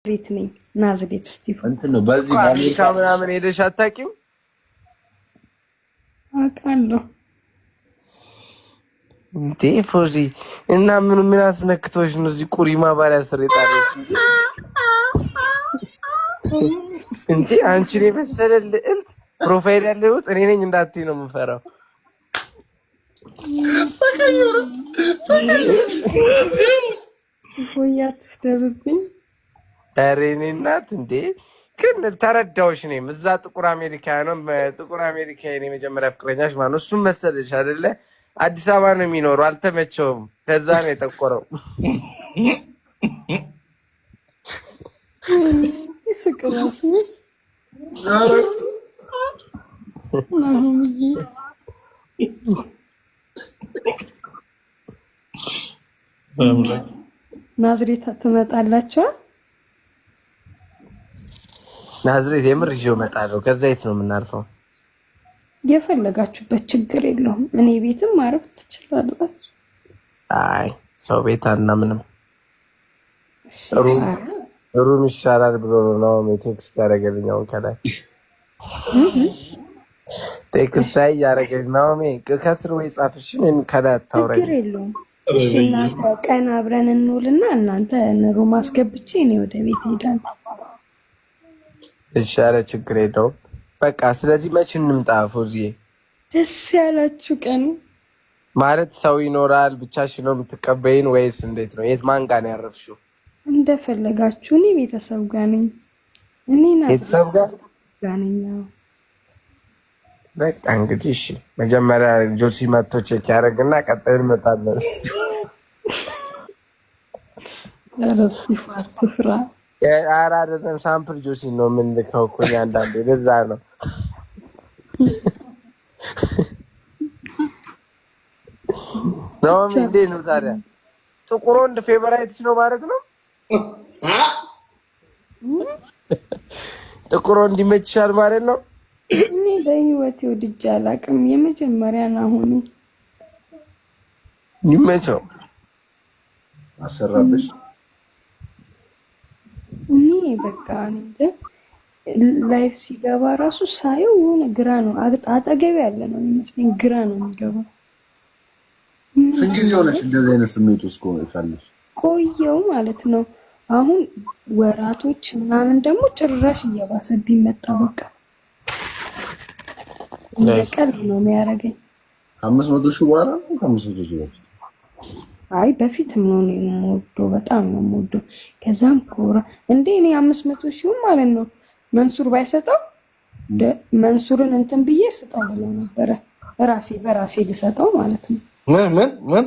ናዝሬት ነኝ። ናዝሬት ስቲፋ እንትን ነው። በዚህ አሜሪካ ምናምን ሄደሽ አታውቂም? አውቃለሁ እንዴ ፎዚ። እና ምን ምን አስነክቶሽ ነው እዚህ ቁሪ ማባሪያ ስር የጣለሽ እንዴ? አንቺን የመሰለ ልዕልት ፕሮፋይል ያለሁት እኔ ነኝ እንዳትዪ ነው የምፈራው። ሆያ አትስደብብኝ ኧረ እኔ እናት እንዴ ግን ተረዳዎች ነ እዛ ጥቁር አሜሪካ ነው ጥቁር አሜሪካ የመጀመሪያ ፍቅረኛሽ ማነው? እሱም መሰለሽ አደለ አዲስ አበባ ነው የሚኖሩ አልተመቸውም። ከዛ ነው የጠቆረው። ናዝሬት ትመጣላቸዋል ናዝሬት የምር ይዞ እመጣለሁ። ከዛ የት ነው የምናርፈው? የፈለጋችሁበት ችግር የለውም። እኔ ቤትም ማረፍ ትችላላችሁ። አይ ሰው ቤት አናምንም። ሩም ይሻላል ብሎ ነው ቴክስት ያደረገልኝ። አሁን ከላይ ቴክስት ላይ እያደረገልኝ ናሜ ከስር ወይ ጻፍሽን ከላይ አታውራኝ። ችግር የለውም። እሺ እናንተ ቀን አብረን እንውልና እናንተ ሩም አስገብቼ እኔ ወደ ቤት ሄዳለሁ። እሺ፣ ኧረ ችግር የለውም። በቃ ስለዚህ መች እንምጣ ፎዚዬ? ደስ ያላችሁ ቀን ማለት ሰው ይኖራል። ብቻሽን ነው የምትቀበይን ወይስ እንዴት ነው? የት ማን ጋር ነው ያረፍሽው? እንደፈለጋችሁ። እኔ ቤተሰብ ጋር ነኝ። እኔ ቤተሰብ ጋር ነኝ። በቃ እንግዲህ እሺ፣ መጀመሪያ ጆሲ መጥቶ ቼክ ያደርግና ቀጣይ እንመጣለን። ረስ ፍራ ኧረ አይደለም ሳምፕል ጆሲ ነው የምንልከው እኮ አንዳንዴ። ለዛ ነው ነውም። እንዴት ነው ታዲያ? ጥቁር ወንድ ፌቨራይትሽ ነው ማለት ነው? ጥቁር ወንድ ይመችሻል ማለት ነው? እኔ በህይወት ውድጃ አላውቅም። የመጀመሪያ አሁኑ ይመቸው አሰራብሽ በቃ ላይፍ ሲገባ ራሱ ሳየው የሆነ ግራ ነው አጠገብ ያለ ነው የሚመስለኝ፣ ግራ ነው የሚገባው። ስንት ጊዜ ሆነሽ እንደዚህ አይነት ስሜት ውስጥ ቆይታለሽ? ቆየው ማለት ነው። አሁን ወራቶች ምናምን ደግሞ ጭራሽ እየባሰብኝ መጣ። በቃ እንደቀልድ ነው የሚያደርገኝ። አምስት መቶ ሺህ በኋላ ነው ከአምስት መቶ ሺህ በፊት አይ በፊት ምን የምወደው በጣም ነው የምወደው። ከዛም ኮራ እንዴ እኔ አምስት መቶ ሺህ ማለት ነው መንሱር ባይሰጠው መንሱርን እንትን ብዬ ስጠው ብሎ ነበረ። ራሴ በራሴ ልሰጠው ማለት ነው። ምን ምን ምን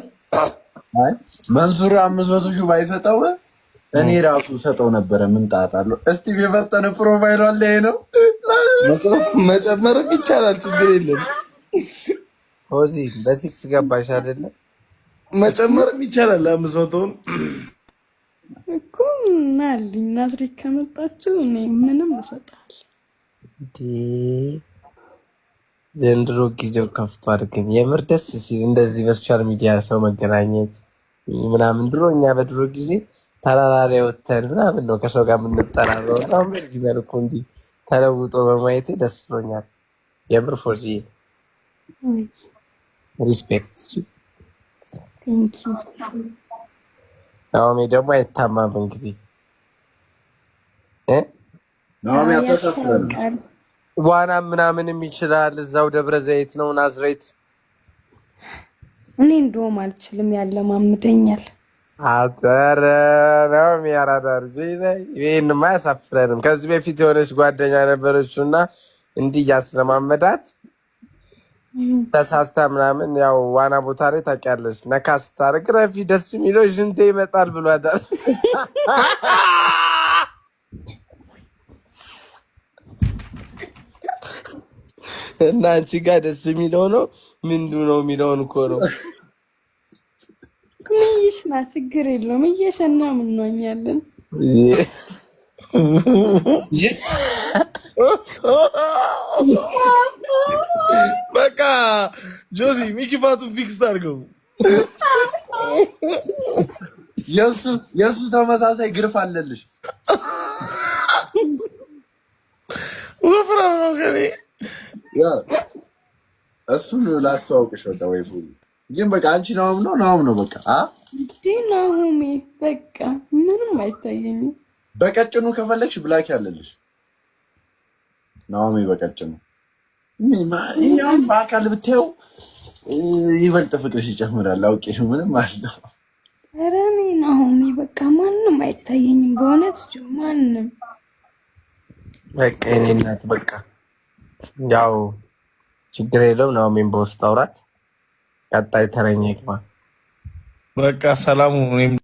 መንሱር አምስት መቶ ሺህ ባይሰጠው እኔ ራሱ ሰጠው ነበረ። ምን ጣጣ እስቲ የፈጠነ ፕሮፋይል አለ ነው መጨመርም ይቻላል። ችግር የለም። ሆዚ በሲክስ ገባሽ አይደለም መጨመርም ይቻላል። አምስት መቶውን እኮ ናልኝ ናዝሬት ከመጣችው እኔ ምንም እሰጣለሁ። ዘንድሮ ጊዜው ከፍቶ አድርገኝ የምር ደስ ሲል እንደዚህ በሶሻል ሚዲያ ሰው መገናኘት ምናምን። ድሮ እኛ በድሮ ጊዜ ተራራሪ ወተን ምናምን ነው ከሰው ጋር የምንጠራረው። አሁን በዚህ መልኩ እንዲህ ተለውጦ በማየት ደስ ብሎኛል የምር ፎርሲ ሪስፔክት ናኦሚ ደግሞ አይታማም። እንግዲህ ናኦሚ አታሳፍረን። ዋና ምናምንም ይችላል። እዛው ደብረ ዘይት ነው ናዝሬት። እኔ እንደውም አልችልም፣ ያለማምደኛል። አጠረ ናኦሚ አራዳ ልጅ ይህንማ አያሳፍረንም። ከዚህ በፊት የሆነች ጓደኛ ነበረችው እና እንዲህ እያስለማመዳት ተሳስታ ምናምን ያው ዋና ቦታ ላይ ታውቂያለሽ፣ ነካ ስታደርግ ረፊ ደስ የሚለው ዥንቴ ይመጣል ብሏታል። እና አንቺ ጋር ደስ የሚለው ነው ምንዱ ነው የሚለውን እኮ ነው። ምይሽ ና ችግር የለውም እየሸና ምንኛለን በቃ ጆሲ ሚኪፋቱን ፊክስ አድርገው። የሱ ተመሳሳይ ግርፍ አለልሽ። ወፍራም ነው ከኔ። እሱን ላስተዋውቅሽ በቃ ወይ ፉዚ ግን በቃ አንቺ ናውም ነው ናውም ነው በቃ አ ናሆሜ በቃ ምንም አይታየኝም። በቀጭኑ ከፈለግሽ ብላክ ያለልሽ ናሆሜ በቀጭኑ እኛውም በአካል ብታየው ይበልጥ ፍቅርሽ ይጨምራል። አውቄሽ ምንም አለው ረኔ እኔ ናሆሚ በቃ ማንም አይታየኝም በእውነት እ ማንም በቃ የእኔ እናት በቃ ያው ችግር የለውም። ናሆሚን በውስጥ አውራት። ቀጣይ ተረኛ ይግባ። በቃ ሰላሙ እኔም